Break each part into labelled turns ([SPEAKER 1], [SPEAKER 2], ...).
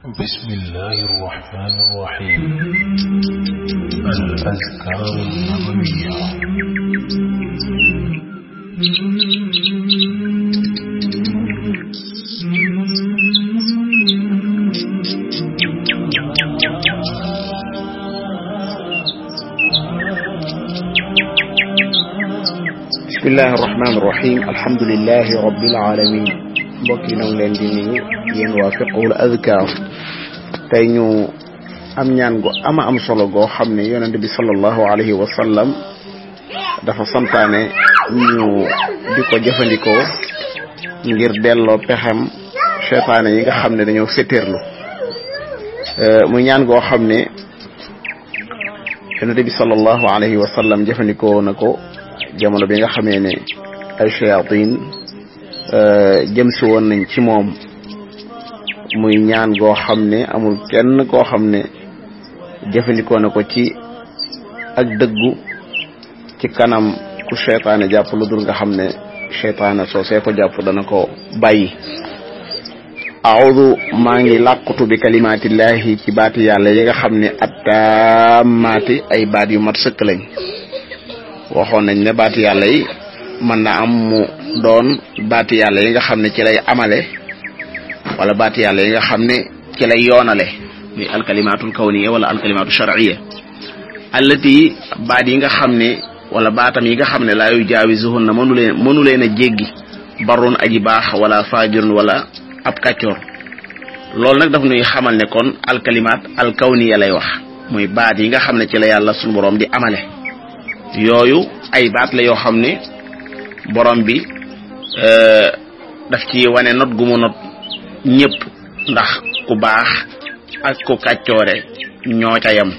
[SPEAKER 1] بسم الله الرحمن الرحيم الأذكار النبوية بسم الله الرحمن الرحيم الحمد لله رب العالمين mbokk yi nag leen di nuyu yéen waa fiqhul azkar tey ñu am ñaan gu ama am solo goo xam ne yoona bi sallallahu alayhi wa sallam dafa santaane ñu di ko jëfandikoo ngir delloo pexem seytaane yi nga xam ne dañoo féttéerlu euh, mu ñaan goo xam ne yonent bi sallallahu alayhi wa sallam jëfandikoo na ko jamono bi nga xamee ne ay shayatin Euh, jëm si woon nañ ci moom muy ñaan goo xam ne amul kenn koo xam ne jëfandikoo na ko ci ak dëggu ci kanam ku seytaane jàpp lu dul nga xam ne seytaane soo see jàpp dana ko bàyyi aawdu maa ngi làqutu bi kalimaatillahi ci baati yàlla yi nga xam ne attaamaati ay baat yu mat sëkk lañ waxoon nañ ne baati yàlla yi mën na am mu doon baati yàlla yi nga xam ne ci lay amale wala baati yàlla yi nga xam ne ci yoonale muy alkalimaatul kawniya wala alkalimaatu sharciya allati baat yi nga xam ne wala baatam yi nga xam ne laa yu jaawisuhun na mënu leen mënu leen a jéggi barun aji baax wala faajirun wala ab kàccoor loolu nag daf nuy xamal ne kon alkalimaat alkawniya lay wax muy baat yi nga xam ne ci la yàlla sunu borom di amale yooyu ay baat la yoo xam ne borom bi Euh, daf ci wane not gu mu not ñëpp ndax ku baax ak ku kàccoore ñoo ca yam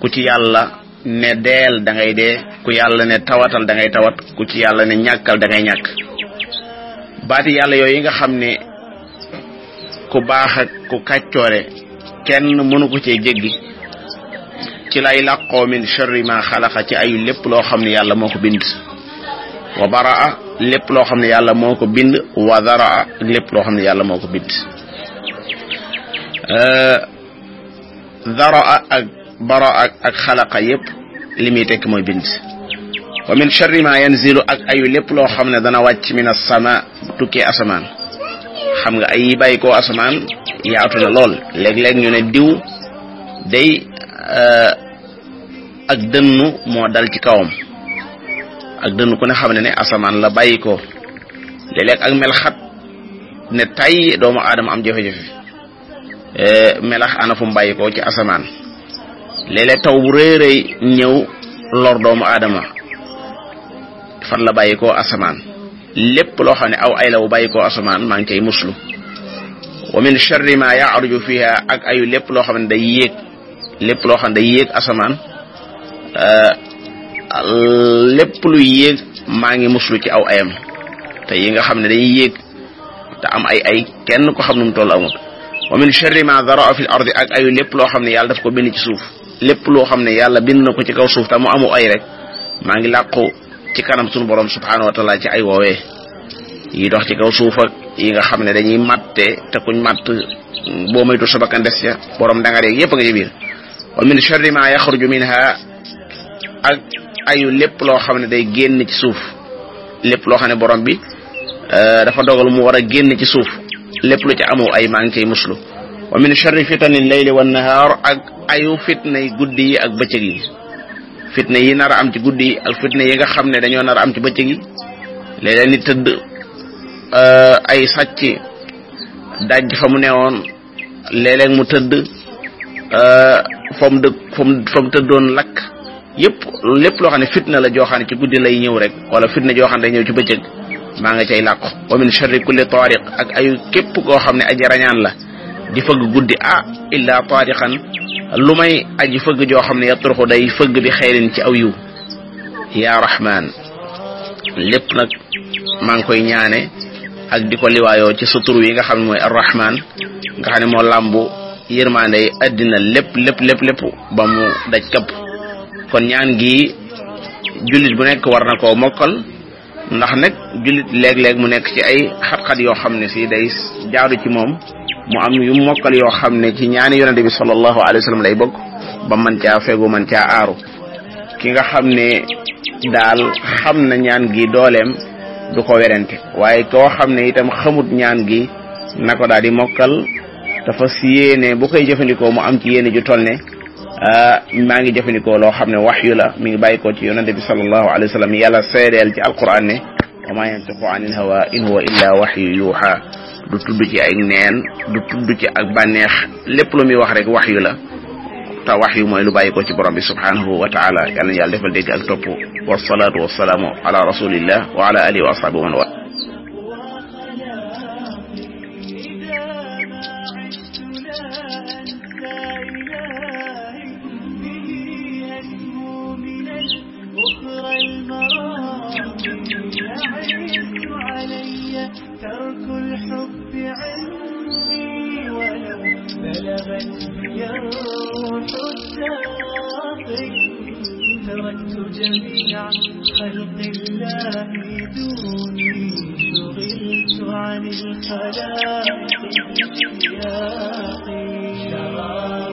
[SPEAKER 1] ku ci yàlla ne deel da ngay dee ku yàlla ne tawatal da ngay tawat ku ci yàlla ne ñàkkal dangay ngay ñàkk baati yàlla yooyu nga xam ne ku baax ak ku kàccoore kenn mënu ko cee jéggi ci lay làqoo min sharri ma xalaqa ci ayu lépp loo xam ne yàlla moo ko bind wa baraa lépp loo xam ne yàlla moo ko bind wa daraa ak lépp loo xam ne yàlla moo ko bind euh, daraa ak baraa ak xalaqa yépp li muy tekk mooy bind wa min sharri ma yanzilu ak ayu lépp loo xam ne dana wàcc min as-sama tukkee asamaan xam nga ay yi bàyyi asamaan yaatu na lool léeg-léeg ñu ne diw day euh, ak dënnu moo dal ci kawam ak dënn ku ne xam ne ne asamaan la bàyyi ko léeg-léeg ak melaxat ne tay doomu aadama am jafe-jafe e, melax ana fu mu bàyyi ci asamaan léeg taw bu rëy rëy ñëw lor doomu aadama fan la bàyyi ko asamaan lépp loo xam ne aw ay la bu bàyyi ko asamaan maa ngi cay muslu wa min sharri ma yaaruju fiha ak ayu lépp loo xam ne day yéeg lépp loo xam ne day yéeg asamaan e, lépp luy yéeg maa ngi muslu ci aw ayam te yi nga xam ne day yéeg te am ay ay kenn ko xam nu mu toll amul wa min sharri ma daraa fi ardi ak ayu lépp loo xam ne yàlla daf ko bind ci suuf lépp loo xam ne yàlla bind na ko ci kaw suuf te mu amu ay rek maa ngi làqu ci kanam sunu borom subhanahu wa taala ci ay woowee yi dox ci kaw suuf ak yi nga xam ne dañuy matte te kuñ matt boo moytu sa bakkan des ca borom danga reeg yépp nga ci biir min sharri ma yaxruju minha ak ayu lépp loo xam ne day génn ci suuf lépp loo xam ne borom bi euh, dafa dogal mu war a génn ci suuf lépp lu ci amu ay maa ngi cay muslu wa min sharri fitani leyli wa ak ayu fitna yi guddi yi ak bëccëg yi fitna yi nar a am ci guddi yi ak fitna yi nga xam ne dañoo nar a am ci bëccëg yi tëdd euh, ay sàcc daj fa mu newoon léeg-léeg mu tëdd euh, fa mu dëkk fa tëddoon lakk yëpp lépp loo xam ne fitna la joo xam ci guddi lay ñëw rek wala fitna joo xam ne day ñëw ci bëccëg maa nga cay làqu wa min sharri kulli taariq ak ayu képp koo xam ne aji rañaan la di fëgg guddi ah illa taariqan lu may aji fëgg joo xam ne yatruxu day fëgg bi xeyrin ci aw yiw yaa rahman lépp nag maa ngi koy ñaane ak di ko liwaayoo ci sutur yi nga xam ne mooy arrahman nga xam ne moo làmbu yërmaande yi addina lépp lépp lépp lépp ba mu daj kapp kon ñaan gi jullit bu nekk war na koo mokkal ndax nag jullit léeg-léeg mu nekk ci ay xat-xat yoo xam ne si day jaadu ci moom mu am yu mokkal yoo xam ne ci ñaani yonente bi sallallahu alayhi wa sallam lay bokk ba man caa fegu man caa aaru ki nga xam ne daal xam na ñaan gi dooleem du ko werante waaye koo xam ne itam xamut ñaan gi na ko daal di mokkal dafa si yéene bu koy jëfandikoo mu am ci yéene ju toll ne Euh, maa ngi jëfandikoo loo xam ne waxyu la mi ngi bàyyi ko ci yonente bi sallallahu alayhi wa sallam yàlla seedeel ci alquran ne wa ma yantiqu anil hawa in huwa illa waxyu yuuxa du tudd ci ay neen du tudd ci ak bànneex lépp lu muy wax rek waxyu la te waxyu mooy lu bàyyi ko ci borom bi subhanahu wa taala yàlla na yàlla defal dégg ak topp wasalaatu wasalaamu ala rasulillah wa ala alihi wa ashabihi wa man أسلمت جميع خلق الله دوني شغلت عن الخلائق سياقي